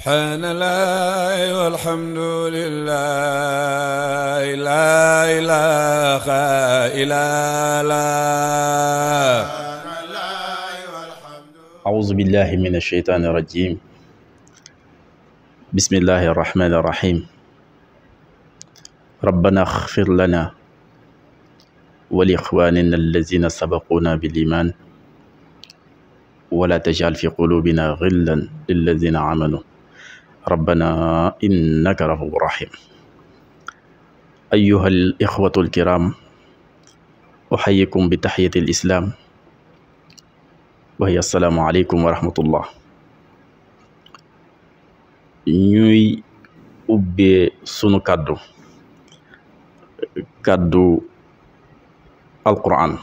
سبحان الله والحمد لله لا إله إلا الله أعوذ بالله من الشيطان الرجيم بسم الله الرحمن الرحيم ربنا اغفر لنا ولإخواننا الذين سبقونا بالإيمان ولا تجعل في قلوبنا غلا للذين آمنوا ربنا إنك رؤوف رحيم أيها الإخوة الكرام أحييكم بتحية الإسلام وهي السلام عليكم ورحمة الله نوي أبي سنو كادو كادو القرآن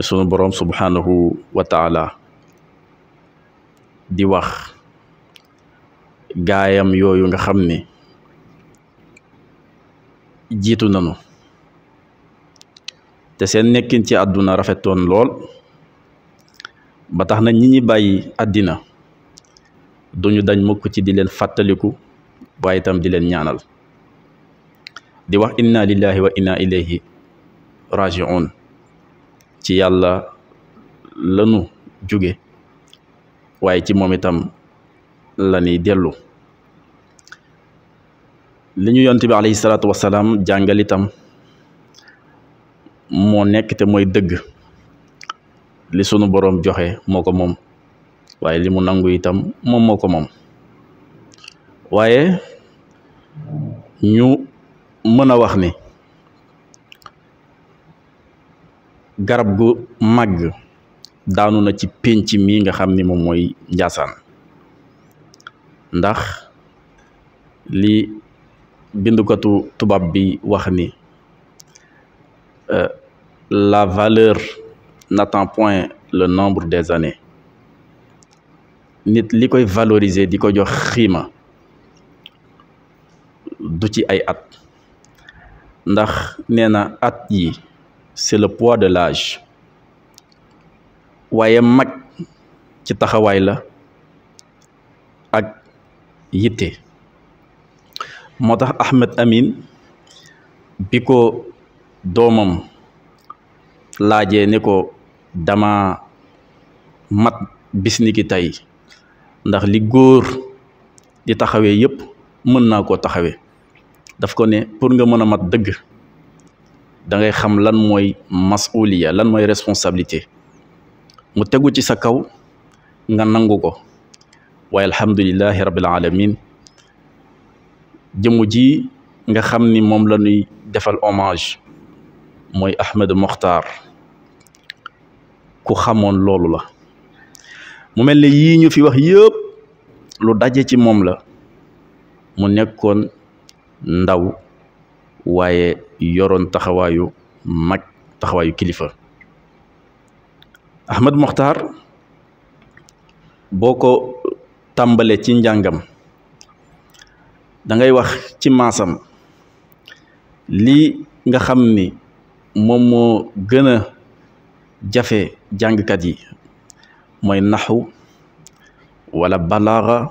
سنو برام سبحانه وتعالى دي واخ gaayam yooyu nga xam ne jiitu nanu te seen nekkin ci àdduna rafetoon lool ba tax na ñi ñi bàyyi àddina duñu dañ mukk ci di leen fàttaliku waaye itam di leen ñaanal di wax inna lillahi wa inna ilayhi rajiun ci yàlla lanu jóge waaye ci moom itam la ñuy dellu li ñu yonent bi alayhi salaatu wasalaam jàngal itam moo nekk te mooy dëgg li sunu boroom joxe moo ko moom waaye li mu nangu itam moom moo ko moom waaye ñu mën a wax ni garab gu màgg daanu na ci pénc mii nga xam ni moom mooy Njaasaan ndax li bindukatu tubab bi wax ni euh, la valeur n'attend point le nombre des années nit li koy valoriser diko jox xima du ci ay at ndax nee at yi c'est le poids de l'âge waye mag ci taxaway la ak yitte moo tax Ahmed Amin bi ko doomam laajee ne ko dama mat bis ni tey ndax li góor di taxawee yépp mën naa ko taxawe daf ko ne pour nga mën a mat dëgg da ngay xam lan mooy masuliya lan mooy responsabilité mu tegu ci sa kaw nga nangu ko waye alhamdullilah rabbil alamin jëmm ji nga xamni mom moom la ñuy defal hommage moy Ahmed Mokhtar ku xamone lolou la mu melni yi ñu fi wax yëpp lu daje ci mom la mu nekkon ndaw waye yoron taxawayu mag taxawayu kilifa Ahmed Mokhtar boko tàmbale ci njàngam da ngay wax ci maasam lii nga xam ni moom moo gën a jafe jàngkat yi mooy naxu walla balaaxa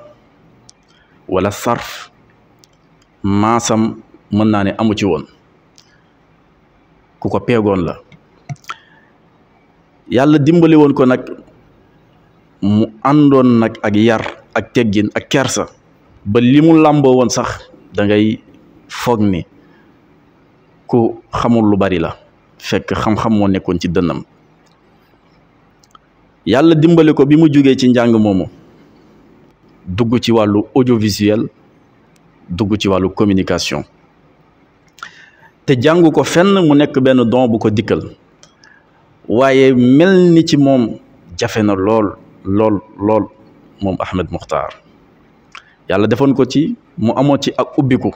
wala sarf maasam mën naa ne amu ci woon ku ko peegoon la yàlla dimbali woon ko nag mu àndoon nag ak yar ak teggin ak kersa ba li mu làmboo woon sax dangay ngay foog ni ku xamul lu bari la fekk xam-xam moo nekkoon ci dënnam yàlla dimbali ko bi mu jógee ci njàng moomu dugg ci wàllu audiovisuel dugg ci wàllu communication te jàngu ko fenn mu nekk benn don bu ko dikkal waaye mel ni ci moom jafe na lool lool lool moom Ahmed Mokhtar Yalla, defon ko ci mu amo ci ak ubbiku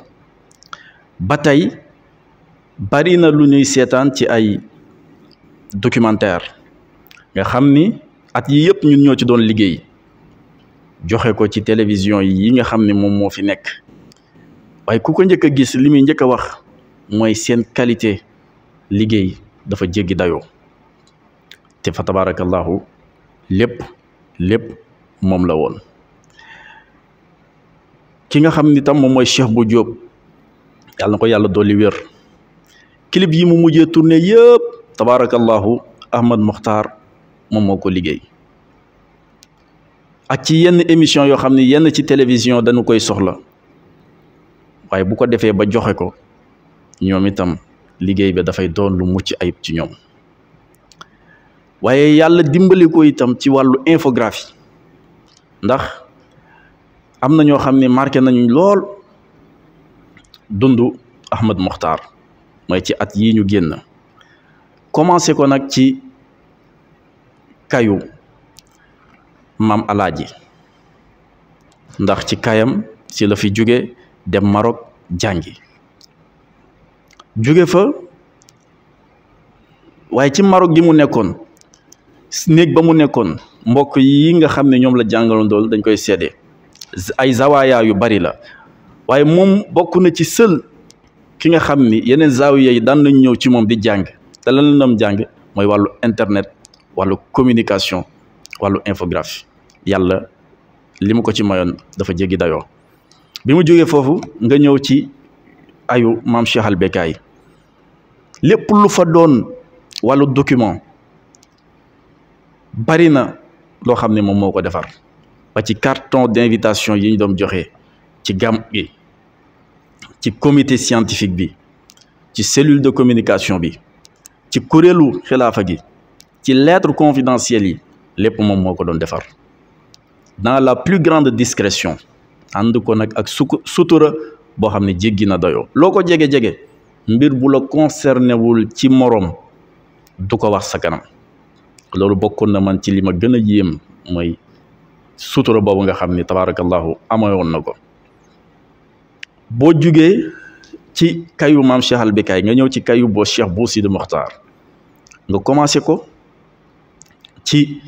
batay bari na lu ñuy seetaan ci ay documentaire nga xamni ati at yi yep ñun ñoo ci doon liggéey joxe ko ci télévision yi nga xamni mom mo fi nek waaye ku ko gis limi muy wax moy sen qualité liggéey dafa jéggi dayo te fa tabarakallah lepp lepp moom la woon ki nga xam ni moom mooy Cheikh bu Diop yàlla na ko yàlla dolli wér clip yi mu mujjee tourné yëpp tabaarakallaahu Ahmad Mokhtar moom moo ko liggéey ak ci yenn émission yoo xam ni yenn ci télévision dañu koy soxla waaye bu ko defee ba joxe ko ñoom itam liggéey bi dafay doon lu mucc ayib ci ñoom waaye yàlla dimbali ko itam ci wàllu infographie ndax am na ñoo xam ni marqué nañu lool dundu Ahmed Mokhtar mooy ci at yi ñu génn commencé ko nag ci kayu maam alaaji ndax ci kayam ci la fi jóge dem Maroc jàngi jóge fa waaye ci Maroc gi mu nekkoon néeg ba mu nekkoon mbokk yi nga xam ne ñoom la jàngaloon doon dañ koy seede ay zawaaya yu bari la waaye moom bokk na ci sël ki nga xam ni yeneen zaawiya yi daan nañ ñëw ci moom di jàng te na la jàng mooy wàllu internet wàllu communication wàllu infographie yàlla li ko ci mayoon dafa jéggi dayoo bi mu jógee foofu nga ñëw ci ayu maam Cheikh Al Becaye lépp lu fa doon wàllu document bari na lo xamné mom moko défar ba ci carton d'invitation yi ñu doon joxé ci gam bi ci comité scientifique bi ci cellule de communication bi ci kuréelu khilafa gi ci lettre confidentielle yi lépp mom moko ko doon defar dans la plus grande discrétion and ko nak ak sutura bo xamné ne jéggi na djégé djégé mbir bu la concerné wul ci morom du ko wax sa kanam loolu bokkoon na man ci li ma gën a yéem mooy sutura boobu nga xam ni tabaarakallahu amoon na ko boo jugee ci kayu maam Cheikh Albekaay nga ñëw ci kayu boo Cheikh Bou Sidi Mokhtar nga commencé ko ci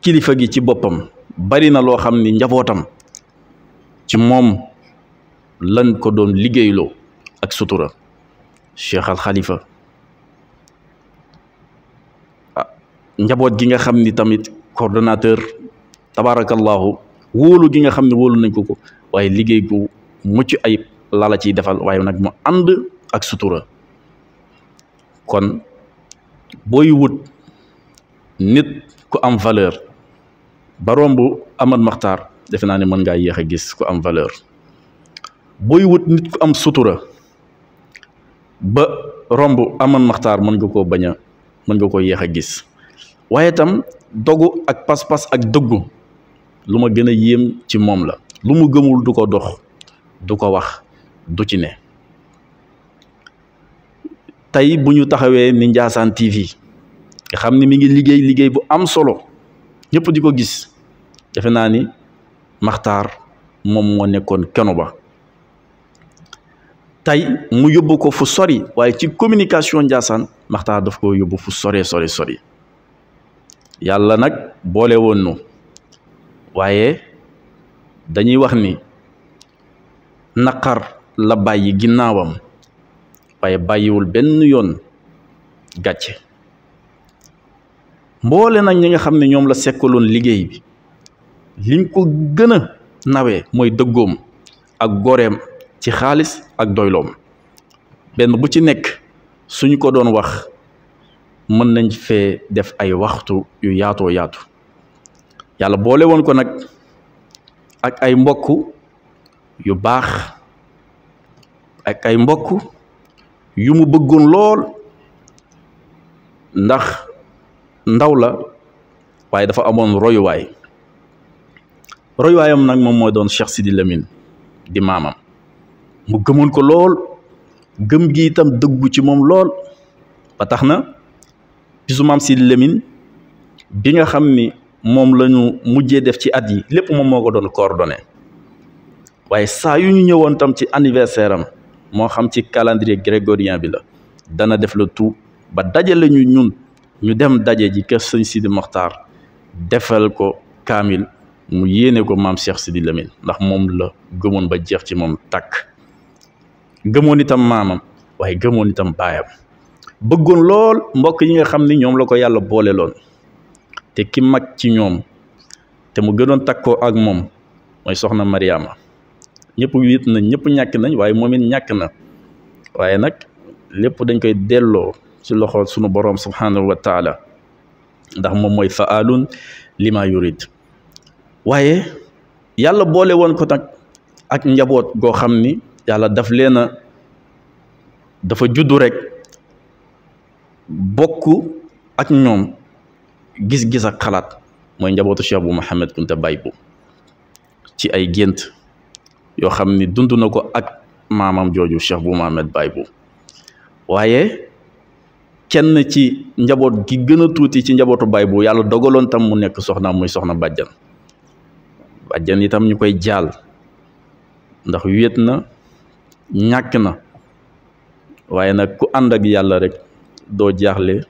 kilifa gi ci boppam bari na loo xam ni njabootam ci moom lan ko doon liggéeyloo ak sutura Cheikh Al Khalifa njaboot gi nga xam ni tamit coordonnateur tabarakallahu wóolu gi nga xam ne wóolu nañ ko ko waaye liggéey gu mucc ayib lala ciy defal waaye nag mu ànd ak sutura kon booy wut nit ku am valeur ba romb Amad Maxtaar defe naa ne mën ngaa yéex a gis am valeur booy wut nit ku am sutura ba romb Amad Maxtaar mën nga koo bañ a mën nga ko yéex a gis waaye tam dogu ak pas-pas ak dëggu lu ma gën a yéem ci moom la lu mu gëmul du ko dox du ko wax du ci ne tey bu ñu taxawee ni Ndiassane TV nga xam ni mi ngi liggéey liggéey bu am solo ñëpp di ko gis defe naa ni Maxtaar moom moo nekkoon kenu ba tey mu yóbbu ko fu sori waaye ci communication Ndiassane Maxtaar daf ko yóbbu fu sore sori sori yàlla nag boole woon nu waaye dañuy wax ni naqar la bàyyi ginnaawam waaye bàyyiwul benn yoon gàcce mboole nag ñi nga xam ne ñoom la sekkaloon liggéey bi liñ ko gëna nawe mooy dëggoom ak goreem ci xaalis ak doyloom benn bu ci nekk suñu ko doon wax mën nañ fee def ay waxtu yu yaatoo yaatu yàlla boole woon ko nag ak ay mbokk yu baax ak ay mbokk yu mu bëggoon lool ndax ndaw la waaye dafa amoon royuwaay royuwaayam nag moom mooy doon Cheikh Sidi Lamine di maamam mu gëmoon ko lool gëm gi itam dëggu ci moom lool ba tax na ci su maam si Lamine bi nga xam ni moom lañu mujjee def ci at yi lépp moom moo ko doon coordonné waaye saa yu ñu ñëwoon tam ci anniversaire am moo xam ci calendrier grégorien bi la dana def le tout ba dajale ñu ñun ñu dem daje ji kër sëñ Sidi Mokhtar defal ko kaamil mu yéene ko maam Cheikh Sidi Lamine ndax moom la gëmoon ba jeex ci moom takk gëmoon itam maamam waaye gëmoon itam baayam bëggoon lool mbokk yi nga xam ni ñoom la ko yàlla boole loon te ki mag ci ñoom te mu gënoon takkoo ak moom mooy soxna Mariama ñëpp wit nañ ñëpp ñàkk nañ waaye moom it ñàkk na waaye nag lépp dañ koy delloo ci loxo sunu boroom subhanahu wa taala ndax moom mooy faalun lima yurid waaye yàlla boole woon ko nag ak njaboot goo xam ni yàlla daf leen a dafa juddu rek bokk ak ñoom gis-gis ak xalaat mooy njabootu Cheikh bu Mouhamed Kounta Baye bu ci ay gént yoo xam ni dund na ko ak maamam jooju Cheikh bu Mouhamed Baye bu waaye kenn ci njaboot gi gën tuuti ci njabootu Baye bu yàlla dogaloon tam mu nekk soxna muy soxna bàjjan bàjjan itam ñu koy jaal ndax wéet na ñàkk na waaye nag ku ànd ak yàlla rek doo jaaxle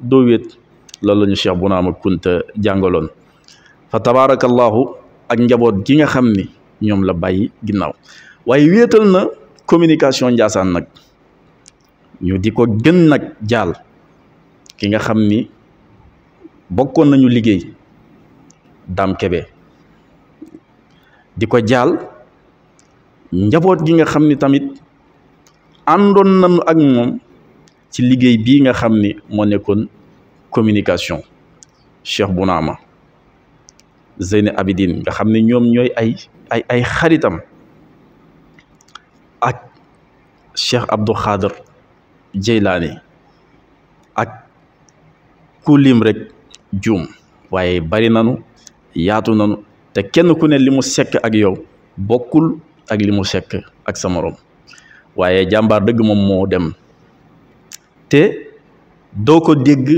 doo wéet loolu la ñu Cheikh Bounama Kunta jàngaloon fa tabaarakallaahu ak njaboot gi nga xam ni ñoom la bàyyi ginnaaw waaye wéetal na communication Njaasaan nag ñu di ko gën nag jaal ki nga xam ni bokkoon nañu liggéey Dame Kébé di ko jaal njaboot gi nga xam ni tamit àndoon nañu ak moom ci liggéey bii nga xam ni moo nekkoon communication Cheikh naama Zeyne Abidine nga xam ni ñoom ñooy ay ay xaritam ak Cheikh Abdou Khader Jeylaani ak ku lim rek juum waaye bari nanu yaatu nanu te kenn ku ne li mu sekk ak yow bokkul ak li mu sekk ak sa moroom waaye jàmbaar dëgg moom moo dem te doo ko dégg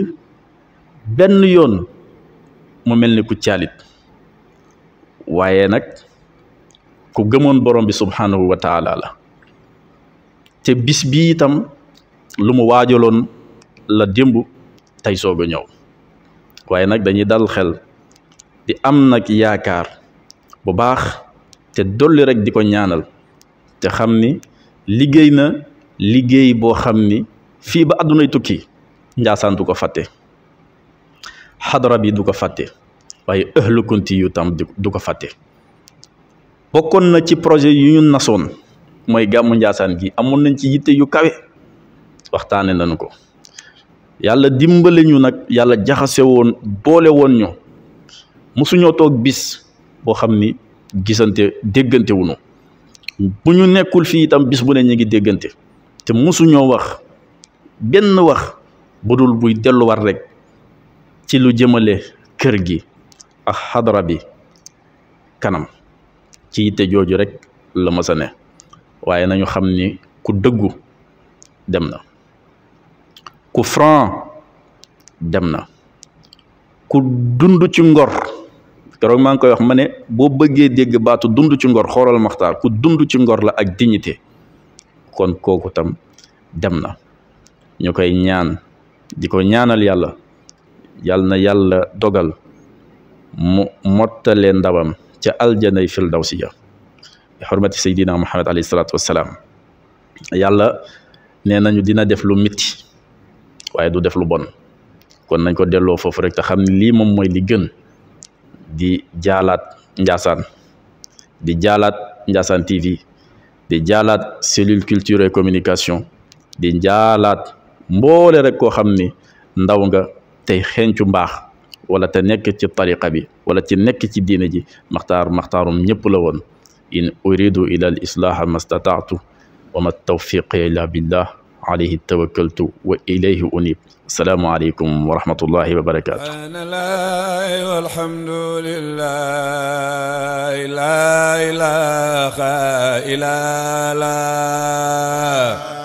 benn yoon mu mel ni ku caalit waaye nag ku gëmoon borom bi subhanahu wa taala la te bis bi itam lu mu waajaloon la démb tey soog ñëw waaye nag dañuy dal xel di am nag yaakaar bu baax te dolli rek di ko ñaanal te xam ni liggéey na liggéey boo xam ni fii ba àddunay tukki njaasaan du ko fàtte xadara bi du ko fàtte waaye ëhlu yu tam du ko fàtte bokkoon na ci projet yu ñu nasoon mooy gàmmu njaasaan gi amoon nañ ci yitte yu kawe waxtaane nañu ko yàlla dimbale ñu nag yàlla jaxase woon boole woon ñu mosuñoo toog bis boo xam ni gisante déggante wuñu bu ñu nekkul fii itam bis bu ne ñu ngi déggante te mosuñoo wax benn wax bu dul buy delluwaat rek ci lu jëmale kër gi ak xadara bi kanam ci yitte jooju rek la mës ne waaye nañu xam ni ku dëggu dem na ku franc dem na ku dund ci ngor keroog maa ngi koy wax ma ne boo bëggee dégg baatu dund ci ngor xoolal maxtaar ku dund ci ngor la ak dignité kon kooku tam dem na ñu koy ñaan di ko ñaanal yàlla yàll na yàlla dogal mu mottale ndawam ca aljanay firdawsi ya bi xurmati saydina muhammad alayhi salaatu wassalaam yàlla nee nañu dina def lu mitti waaye du def lu bon kon nañ ko delloo foofu rek te xam ne lii moom mooy li gën di jaalaat njaasaan di jaalaat njaasaan tv di jaalaat cellule culture et communication di jaalaat mbolé rek ko xamni ndaw nga tay xencu mbax wala ta nek ci tariqa bi wala ci nek ci diine ji maxtaar maxtaarum ñëpp la won in uridu ila al islah mastata'tu wa ma tawfiqi ila billah عليه توكلت وإليه أنيب السلام عليكم ورحمة الله وبركاته أنا لا والحمد لله لا إله إلا الله